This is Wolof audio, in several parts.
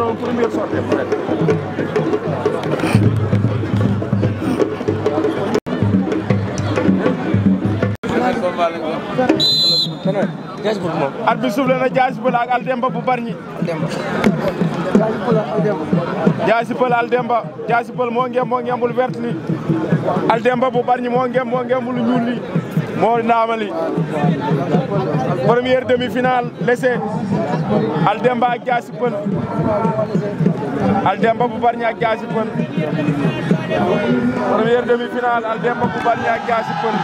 Son première sortie at bi suuf jaasi pël ak aldemba bu bari jaasi pël aldemba jaasi pël moo ngem moo ngembul vert li aldemba bu bari moo ngem moo ñuul li moo naamali première demi-finale laissé Aldemba a Diassi Peulh Aldemba bu Bargny ak Diassi Peulh demi-finale Aldemba bu Bargny ak Diassi Peulh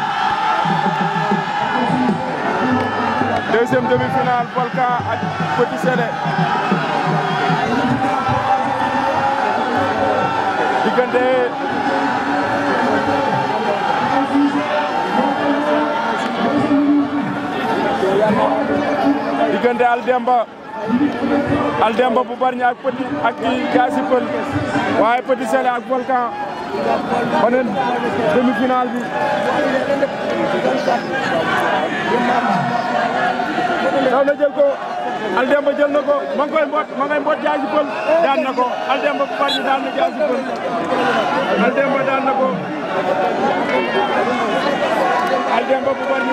demi-finale Volcan ak Petit Sélé diggante diggante Aldemba Aldemba bu bari ak petit ak kii gaasi pël sele ak volcan beneen demi-finale bi daw na jël ko Aldemba jël na ko ma ngi koy mbot ma ngay mbot gaasi pël daan na ko Aldemba bu bari daan na na ko Aldemba bu bari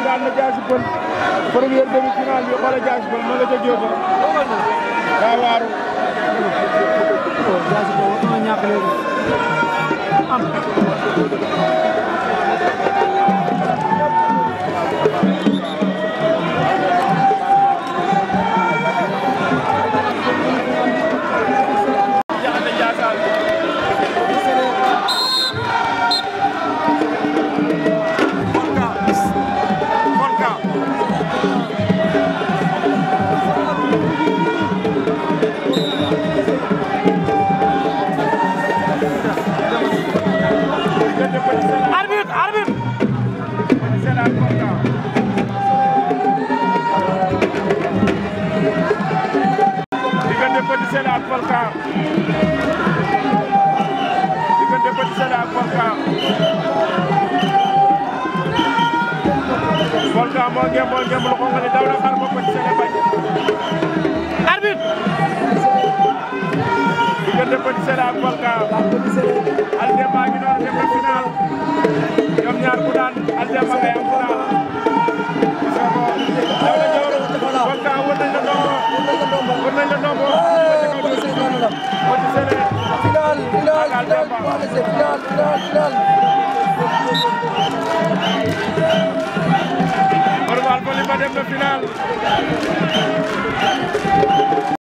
demi-finale bi xoola gaasi pël ma nga daa waaru arbitre arbitre Petit Sélé ak Volcan diggante Petit Sélé ak Volcan Volcan moo ngeem moo ngeem lu xonq li daw na xar ba Petit Sélé Petit Sélé ak Kolka Aldemba ngi noonu dem na final ñoom ñaar ku daan Aldemba ngay am final daw la joor Kolka wër nañ la ndombo wër nañ la ndombo Petit Sélé final final final final final Orval Coly ba dem na final